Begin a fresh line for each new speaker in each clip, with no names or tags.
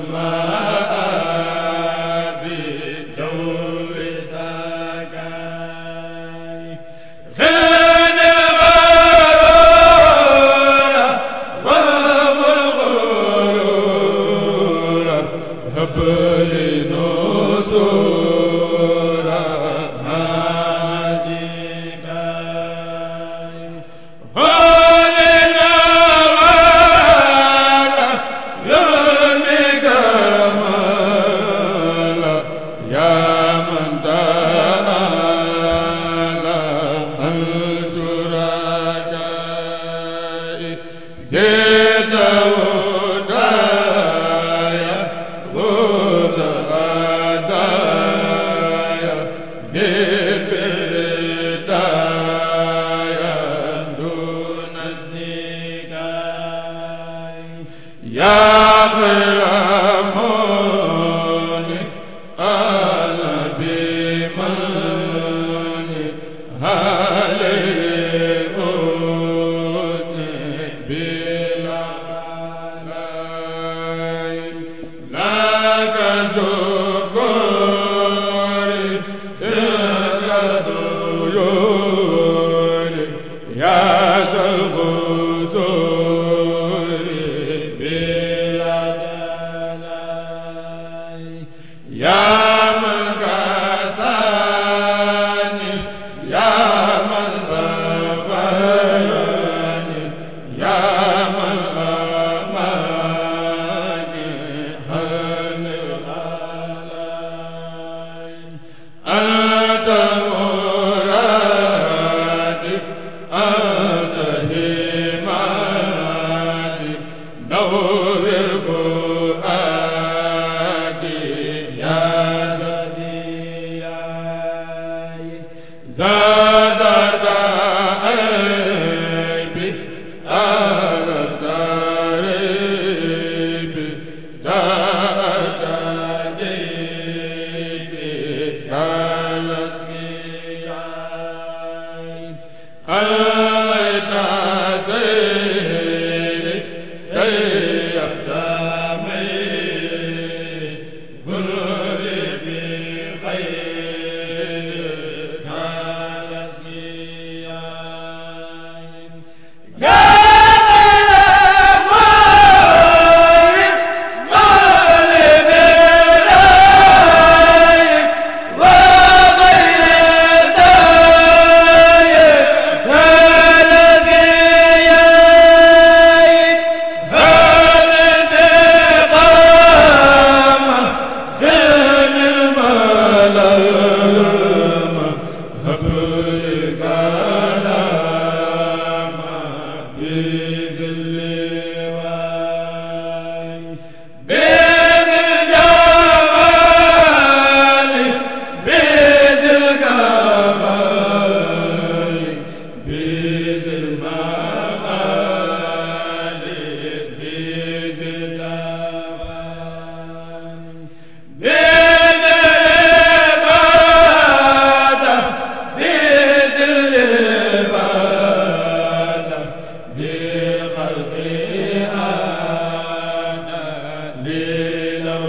Allah yaa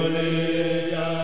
awliyaa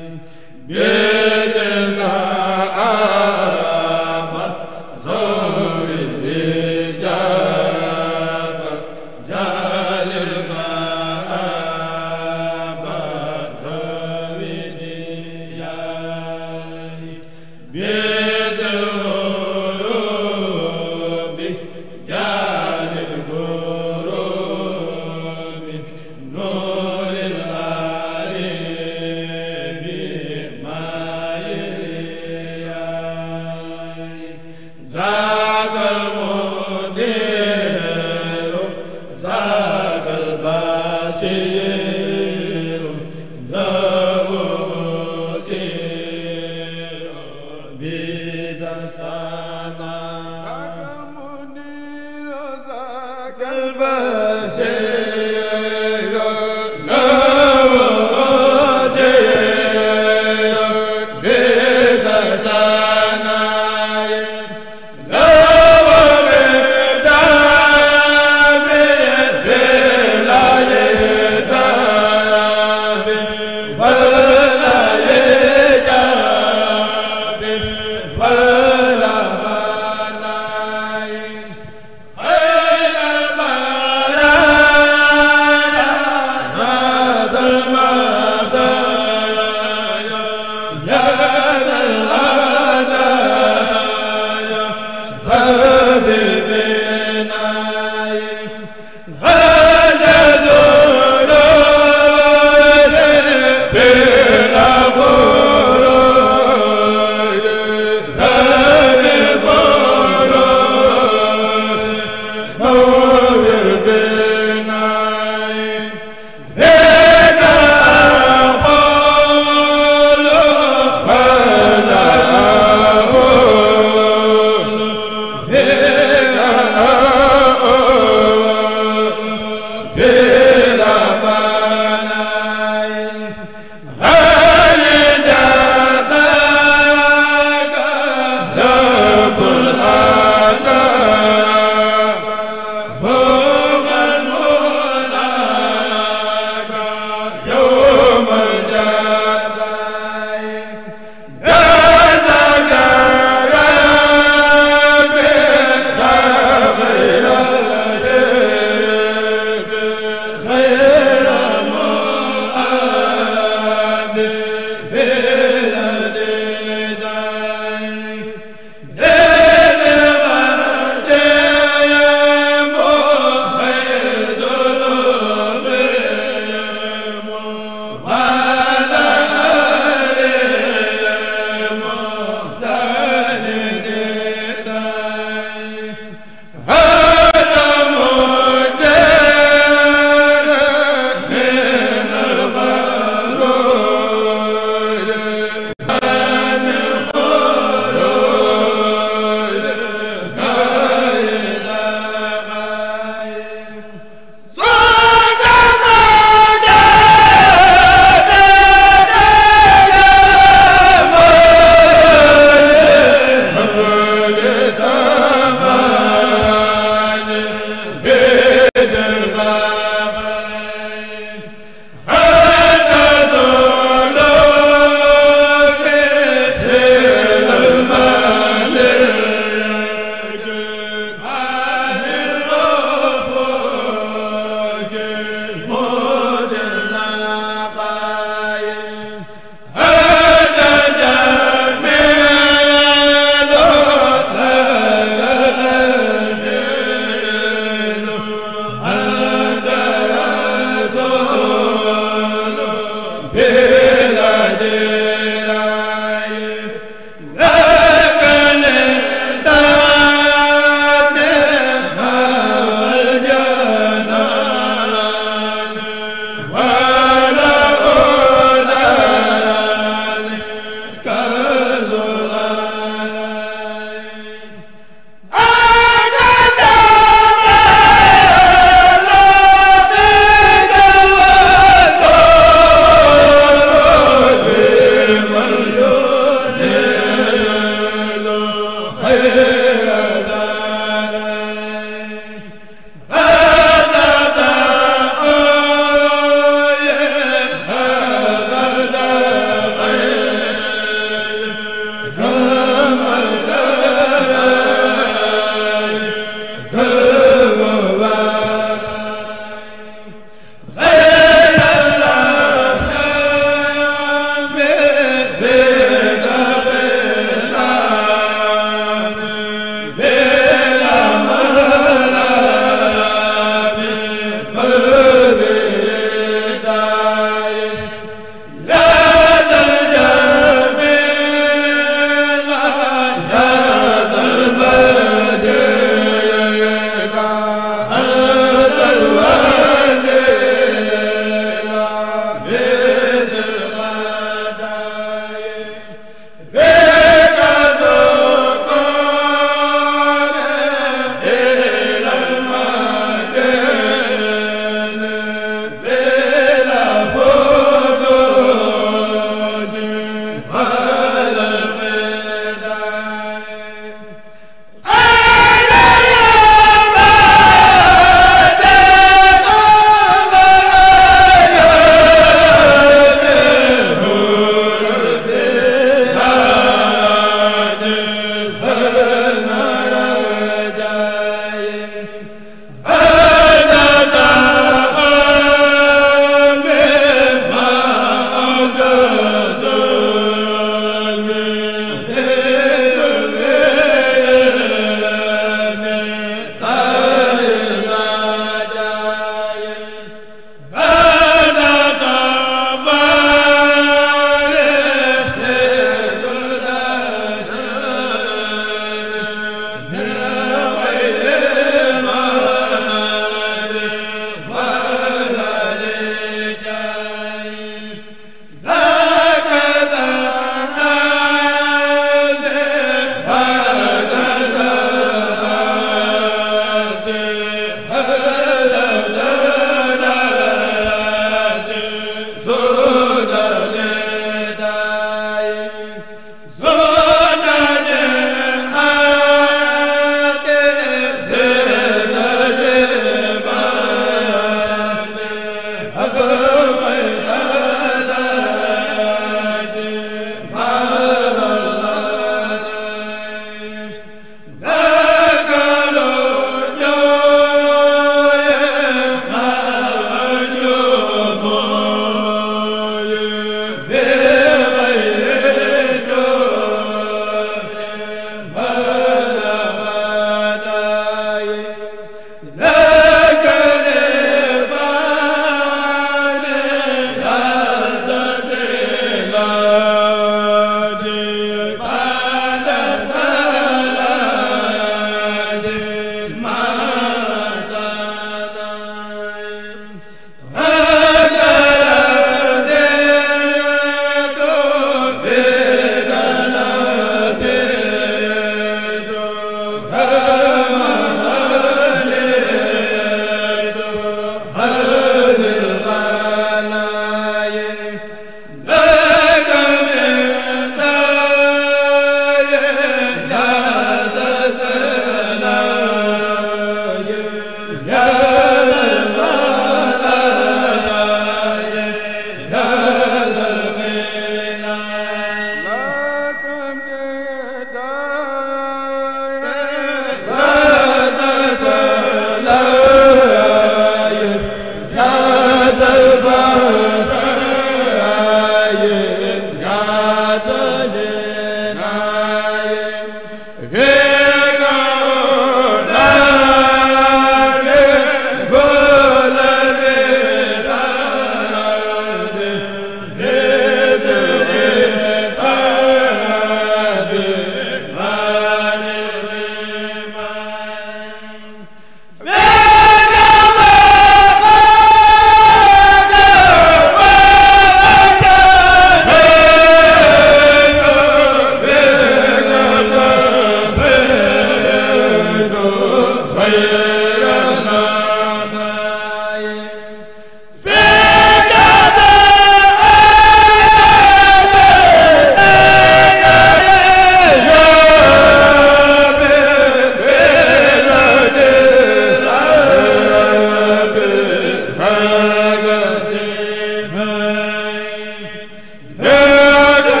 yaa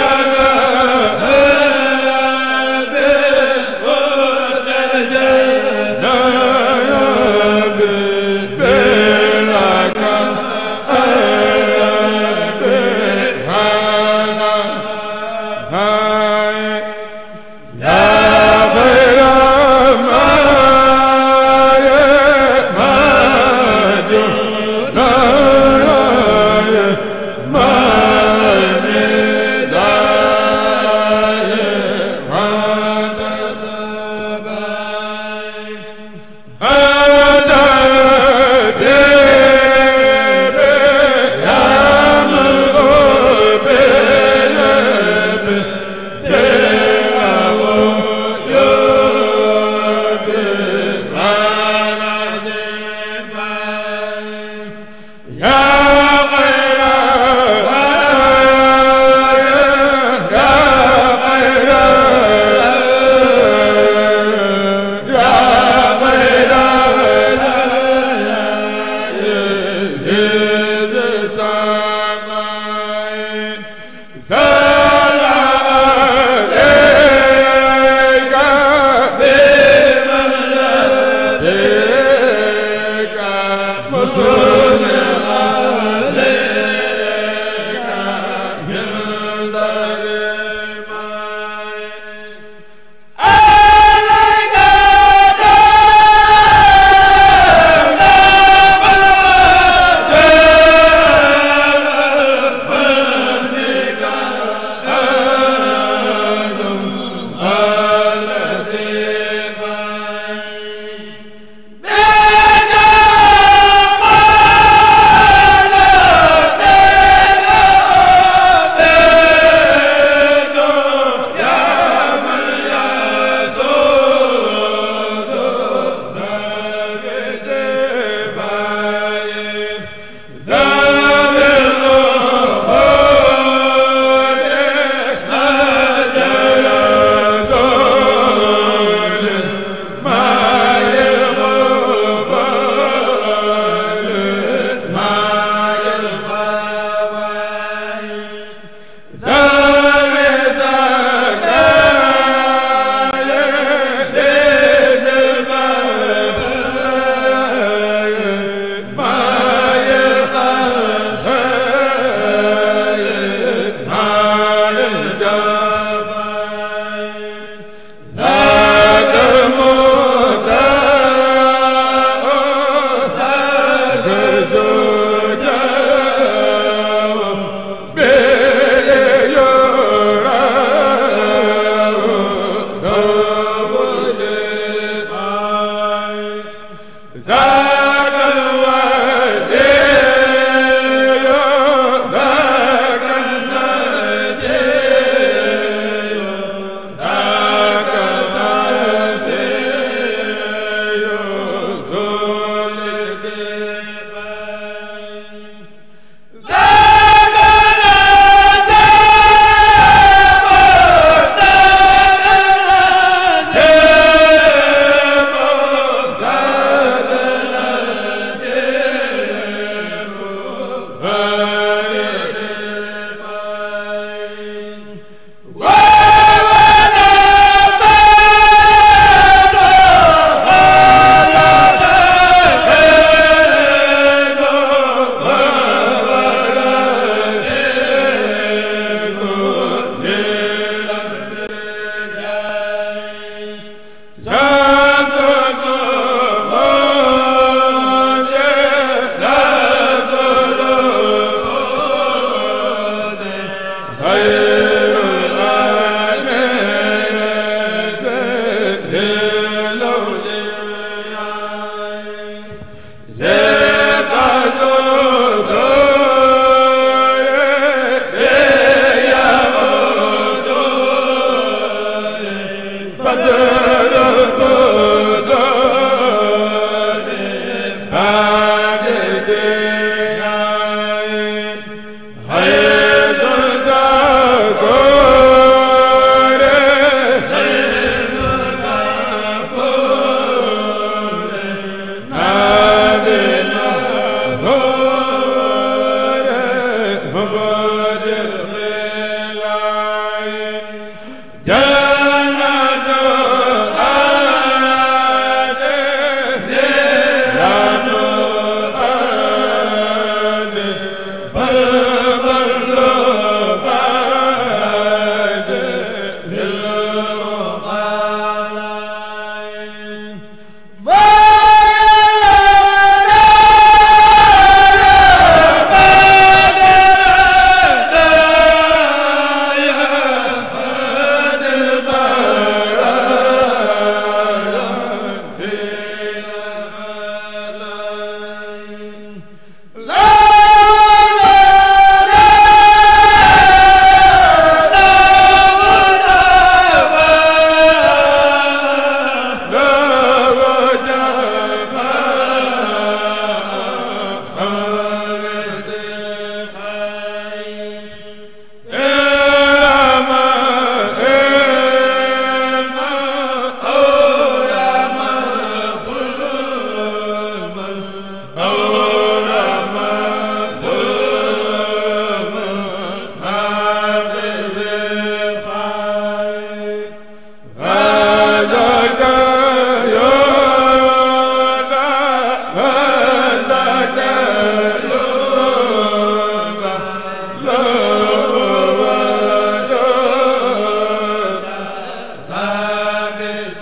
des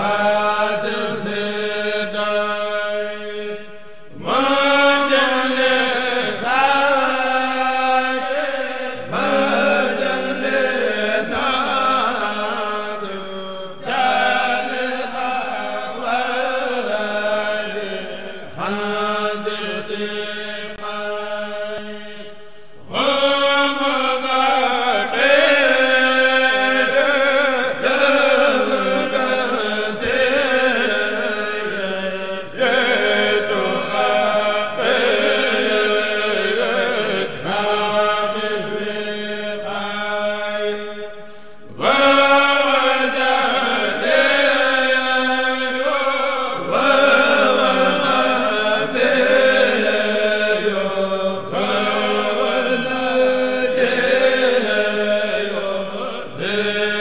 waa Hey